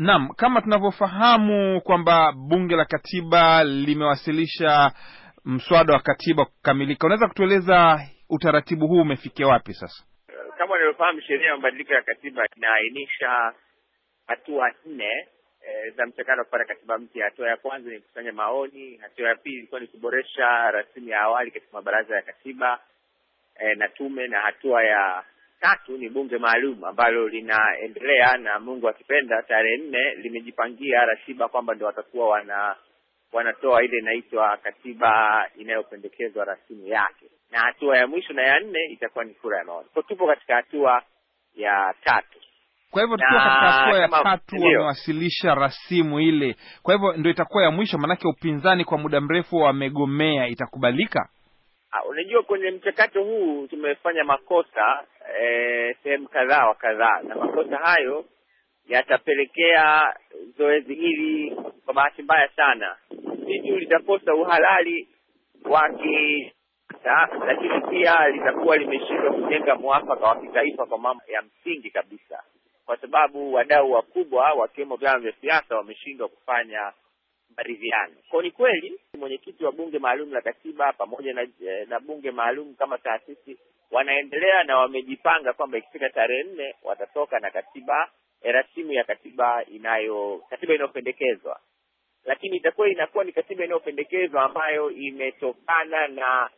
Naam, kama tunavyofahamu kwamba bunge la katiba limewasilisha mswada wa katiba kukamilika, unaweza kutueleza utaratibu huu umefikia wapi sasa? Kama unavyofahamu sheria ya mabadiliko ya katiba inaainisha hatua nne e, za mchakato wa kupata katiba mpya. Hatua ya kwanza ni kukusanya maoni. Hatua ya pili ilikuwa ni kuboresha rasimu ya awali katika mabaraza ya katiba e, na tume, na hatua ya tatu ni bunge maalum ambalo linaendelea na Mungu akipenda, tarehe nne limejipangia ratiba kwamba ndio watakuwa wana wanatoa ile inaitwa katiba inayopendekezwa rasimu yake, na hatua ya mwisho na ya nne itakuwa ni kura ya maoni. Kwa tupo katika hatua ya tatu. Kwa hivyo katika hatua ya tatu, wamewasilisha rasimu ile, kwa hivyo ndio itakuwa ya mwisho, maanake upinzani kwa muda mrefu wamegomea. Itakubalika? Ah, unajua, kwenye mchakato huu tumefanya makosa e, sehemu kadhaa wa kadhaa, na makosa hayo yatapelekea zoezi hili kwa bahati mbaya sana si litakosa uhalali wa lakini pia litakuwa limeshindwa kujenga mwafaka wa kitaifa kwa mambo ya msingi kabisa, kwa sababu wadau wakubwa wakiwemo vyama vya siasa wameshindwa kufanya maridhiano. Kwa ni kweli mwenyekiti wa bunge maalum la katiba pamoja na, eh, na bunge maalum kama taasisi wanaendelea na wamejipanga kwamba ikifika tarehe nne watatoka na katiba eh, rasimu ya katiba inayo katiba inayopendekezwa, lakini itakuwa inakuwa ni katiba inayopendekezwa ambayo imetokana na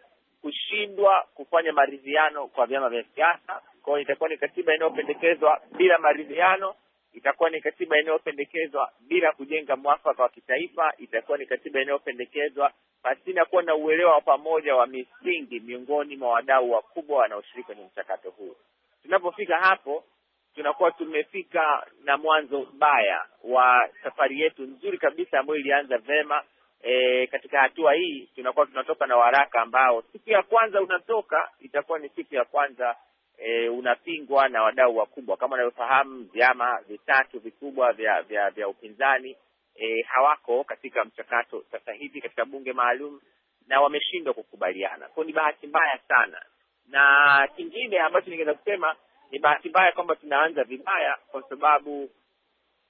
kushindwa kufanya maridhiano kwa vyama vya siasa. Kwa hiyo itakuwa ni katiba inayopendekezwa bila maridhiano itakuwa ni katiba inayopendekezwa bila kujenga mwafaka wa kitaifa, itakuwa ni katiba inayopendekezwa pasina kuwa na uelewa wa pamoja wa misingi miongoni mwa wadau wakubwa wanaoshiriki kwenye mchakato huu. Tunapofika hapo, tunakuwa tumefika na mwanzo mbaya wa safari yetu nzuri kabisa ambayo ilianza vema. E, katika hatua hii tunakuwa tunatoka na waraka ambao siku ya kwanza unatoka itakuwa ni siku ya kwanza e, unapingwa na wadau wakubwa. Kama unavyofahamu, vyama vitatu vikubwa vya vya vya upinzani e, hawako katika mchakato sasa hivi katika bunge maalum na wameshindwa kukubaliana. Kwao ni bahati mbaya sana, na kingine ambacho ningeweza kusema ni bahati mbaya kwamba tunaanza vibaya, kwa sababu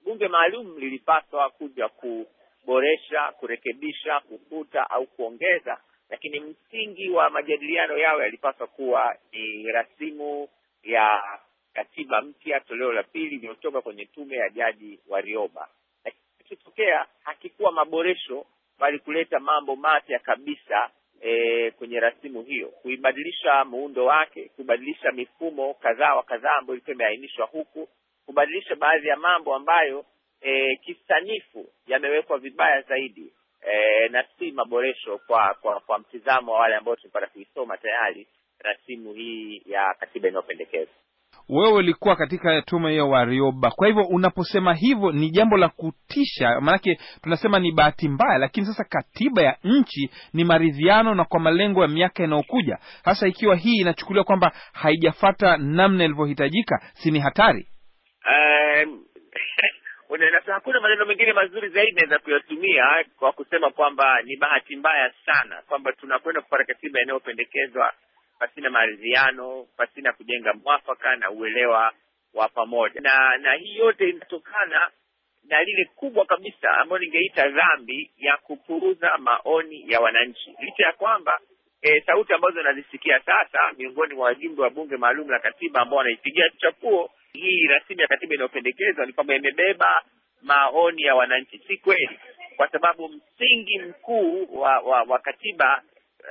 bunge maalum lilipaswa kuja kuboresha, kurekebisha, kufuta au kuongeza lakini msingi wa majadiliano yao yalipaswa kuwa ni rasimu ya katiba mpya toleo la pili iliyotoka kwenye tume ya Jaji Warioba. Rioba. kilichotokea hakikuwa maboresho, bali kuleta mambo mapya kabisa e, kwenye rasimu hiyo, kuibadilisha muundo wake, kubadilisha mifumo kadhaa wa kadhaa ambayo ilikuwa imeainishwa huku, kubadilisha baadhi ya mambo ambayo e, kisanifu yamewekwa vibaya zaidi e, na si maboresho kwa kwa kwa mtizamo wa wale ambao tumepata kuisoma tayari rasimu hii ya katiba inayopendekezwa. Wewe ulikuwa katika tume hiyo Warioba, kwa hivyo unaposema hivyo ni jambo la kutisha, maanake tunasema ni bahati mbaya, lakini sasa katiba ya nchi ni maridhiano na kwa malengo ya miaka inayokuja. Hasa ikiwa hii inachukuliwa kwamba haijafata namna ilivyohitajika, si ni hatari? um... Sasa hakuna maneno mengine mazuri zaidi naweza kuyatumia eh, kwa kusema kwamba ni bahati mbaya sana kwamba tunakwenda kupata katiba inayopendekezwa pasina maridhiano, pasina kujenga mwafaka na uelewa wa pamoja, na na hii yote inatokana na lile kubwa kabisa ambayo ningeita dhambi ya kupuuza maoni ya wananchi, licha ya kwamba e, sauti ambazo nazisikia sasa miongoni mwa wajumbe wa bunge maalum la katiba ambao wanaipigia chapuo hii rasimu ya katiba inayopendekezwa ni kwamba imebeba maoni ya wananchi. Si kweli, kwa sababu msingi mkuu wa, wa, wa katiba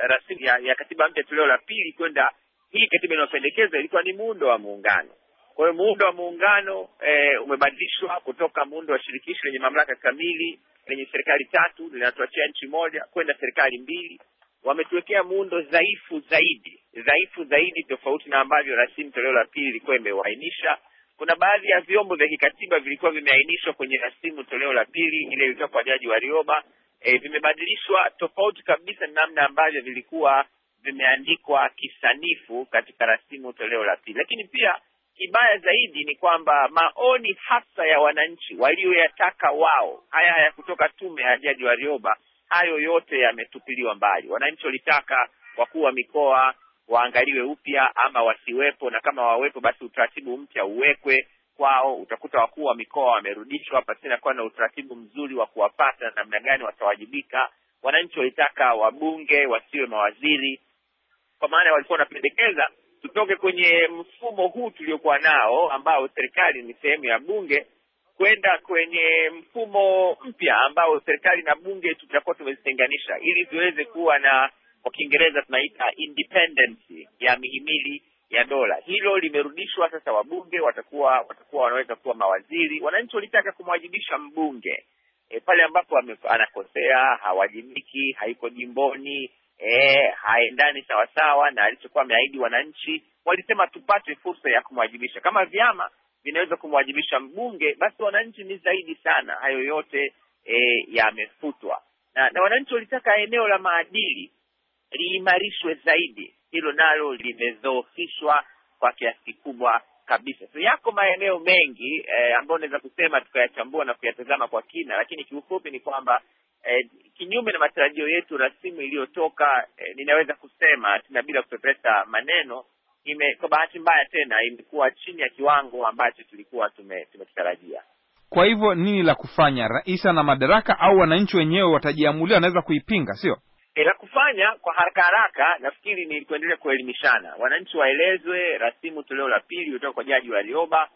rasimu ya, ya katiba mpya toleo la pili kwenda hii katiba inayopendekezwa ilikuwa ni muundo wa muungano. Kwa hiyo muundo wa muungano e, umebadilishwa kutoka muundo wa shirikisho lenye mamlaka kamili lenye serikali tatu linatuachia nchi moja kwenda serikali mbili. Wametuwekea muundo dhaifu zaidi dhaifu zaidi, tofauti na ambavyo rasimu toleo la pili ilikuwa imewainisha. Kuna baadhi ya vyombo vya kikatiba vilikuwa vimeainishwa kwenye rasimu toleo la pili ile ilikuwa kwa Jaji Warioba, e, vimebadilishwa tofauti kabisa na namna ambavyo vilikuwa vimeandikwa kisanifu katika rasimu toleo la pili. Lakini pia kibaya zaidi ni kwamba maoni hasa ya wananchi walioyataka wao, haya haya kutoka tume ya Jaji Warioba, hayo yote yametupiliwa mbali. Wananchi walitaka wakuu wa mikoa waangaliwe upya ama wasiwepo, na kama wawepo basi utaratibu mpya uwekwe kwao. Utakuta wakuu wa mikoa wamerudishwa pasina kuwa na utaratibu mzuri wa kuwapata na namna gani watawajibika. Wananchi walitaka wabunge wasiwe mawaziri, kwa maana walikuwa wanapendekeza tutoke kwenye mfumo huu tuliokuwa nao ambao serikali ni sehemu ya bunge kwenda kwenye mfumo mpya ambao serikali na bunge tutakuwa tumezitenganisha ili ziweze kuwa na kwa Kiingereza tunaita independence ya mihimili ya dola. Hilo limerudishwa sasa, wabunge watakuwa watakuwa wanaweza kuwa mawaziri. Wananchi walitaka kumwajibisha mbunge e, pale ambapo anakosea, hawajibiki, haiko jimboni e, haendani sawasawa na alichokuwa ameahidi wananchi. Walisema tupate fursa ya kumwajibisha. Kama vyama vinaweza kumwajibisha mbunge, basi wananchi ni zaidi sana. Hayo yote e, yamefutwa na, na wananchi walitaka eneo la maadili liimarishwe zaidi. Hilo nalo limedhoofishwa kwa kiasi kikubwa kabisa. So yako maeneo mengi eh, ambayo unaweza kusema tukayachambua na kuyatazama kwa kina, lakini kiufupi ni kwamba eh, kinyume na matarajio yetu rasimu iliyotoka eh, ninaweza kusema tuna bila kupepesa maneno ime, kwa bahati mbaya tena imekuwa chini ya kiwango ambacho tulikuwa tumekitarajia. Kwa hivyo nini la kufanya? Rais ana madaraka au wananchi wenyewe watajiamulia, wanaweza kuipinga, sio? la kufanya kwa haraka haraka nafikiri ni kuendelea kuelimishana, wananchi waelezwe rasimu toleo la pili kutoka kwa Jaji Warioba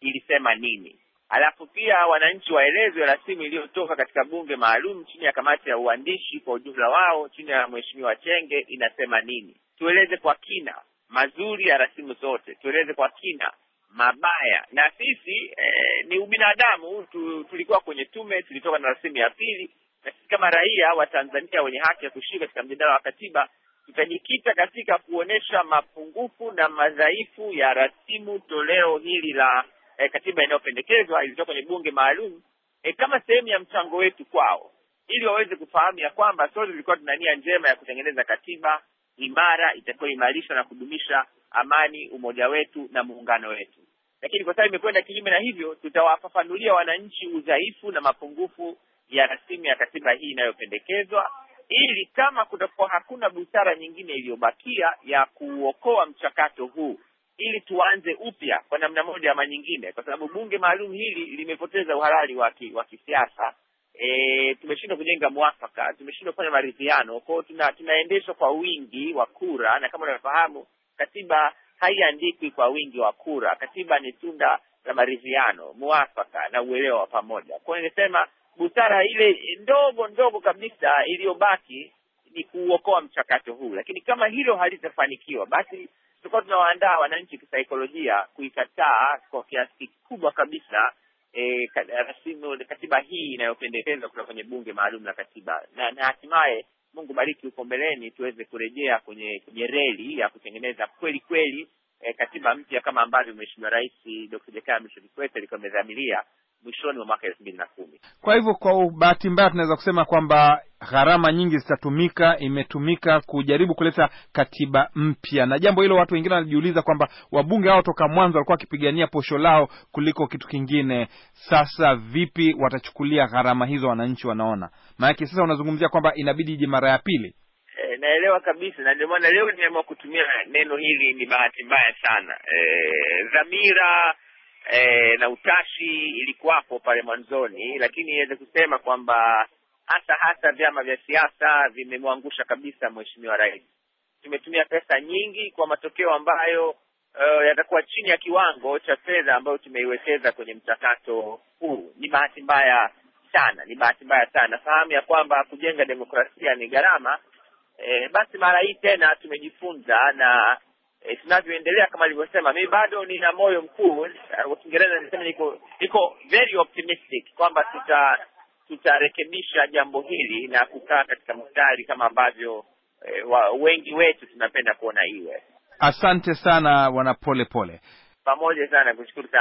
ilisema nini, alafu pia wananchi waelezwe rasimu iliyotoka katika bunge maalum chini ya kamati ya uandishi kwa ujumla wao chini ya Mheshimiwa Chenge inasema nini. Tueleze kwa kina mazuri ya rasimu zote, tueleze kwa kina mabaya na sisi eh, ni ubinadamu tu, tulikuwa kwenye tume, tulitoka na rasimu ya pili na sisi kama raia wa Tanzania wenye haki ya kushiriki katika mjadala wa katiba tutajikita katika kuonesha mapungufu na madhaifu ya rasimu toleo hili la eh, katiba inayopendekezwa ilitoka kwenye bunge maalum eh, kama sehemu ya mchango wetu kwao, ili waweze kufahamu ya kwamba sote tulikuwa tuna nia njema ya kutengeneza katiba imara itakayoimarisha na kudumisha amani, umoja wetu na muungano wetu. Lakini kwa sababu imekwenda kinyume na hivyo, tutawafafanulia wananchi udhaifu na mapungufu ya rasimu ya katiba hii inayopendekezwa ili kama kutakuwa hakuna busara nyingine iliyobakia ya kuokoa mchakato huu ili tuanze upya kwa namna moja ama nyingine, kwa sababu bunge maalum hili limepoteza uhalali wa kisiasa. E, tumeshindwa kujenga mwafaka, tumeshindwa kufanya maridhiano. Kwa hiyo tuna, tunaendeshwa kwa wingi wa kura, na kama unavyofahamu katiba haiandikwi kwa wingi wa kura. Katiba ni tunda la maridhiano, mwafaka na uelewa wa pamoja. Kwa hiyo nimesema busara ile ndogo ndogo kabisa iliyobaki ni kuokoa mchakato huu, lakini kama hilo halitafanikiwa, basi tutakuwa tunawaandaa wananchi kisaikolojia kuikataa kwa kiasi kikubwa kabisa e, rasimu katiba hii inayopendekezwa kutoka kwenye bunge maalum la katiba na, na hatimaye Mungu bariki huko mbeleni tuweze kurejea kwenye kwenye reli ya kutengeneza kweli kweli e, katiba mpya kama ambavyo Mheshimiwa Rais Dkt. Jakaya Mrisho Kikwete alikuwa amedhamiria mwishoni mwa mwaka elfu mbili na kumi. Kwa hivyo, kwa bahati mbaya tunaweza kusema kwamba gharama nyingi zitatumika, imetumika kujaribu kuleta katiba mpya, na jambo hilo watu wengine wanajiuliza kwamba wabunge hao toka mwanzo walikuwa wakipigania posho lao kuliko kitu kingine. Sasa vipi watachukulia gharama hizo wananchi wanaona? Maanake sasa unazungumzia kwamba inabidi ije mara ya pili. E, naelewa kabisa, na ndio maana leo nimeamua kutumia neno hili. Ni bahati mbaya sana e, dhamira e, na utashi ilikuwapo pale mwanzoni, lakini iweze kusema kwamba hasa hasa vyama vya siasa vimemwangusha kabisa mheshimiwa rais. Tumetumia pesa nyingi kwa matokeo ambayo Uh, yatakuwa chini ya kiwango cha fedha ambayo tumeiwekeza kwenye mchakato huu. Ni bahati mbaya sana, ni bahati mbaya sana. Fahamu ya kwamba kujenga demokrasia ni gharama. E, basi mara hii tena tumejifunza na e, tunavyoendelea kama alivyosema, mi bado nina moyo mkuu. uh, Kiingereza nisema niko niko very optimistic kwamba tuta tutarekebisha jambo hili na kukaa katika mstari kama ambavyo e, wa, wengi wetu tunapenda kuona iwe. Asante sana, wana Polepole, pamoja sana, kushukuru sana.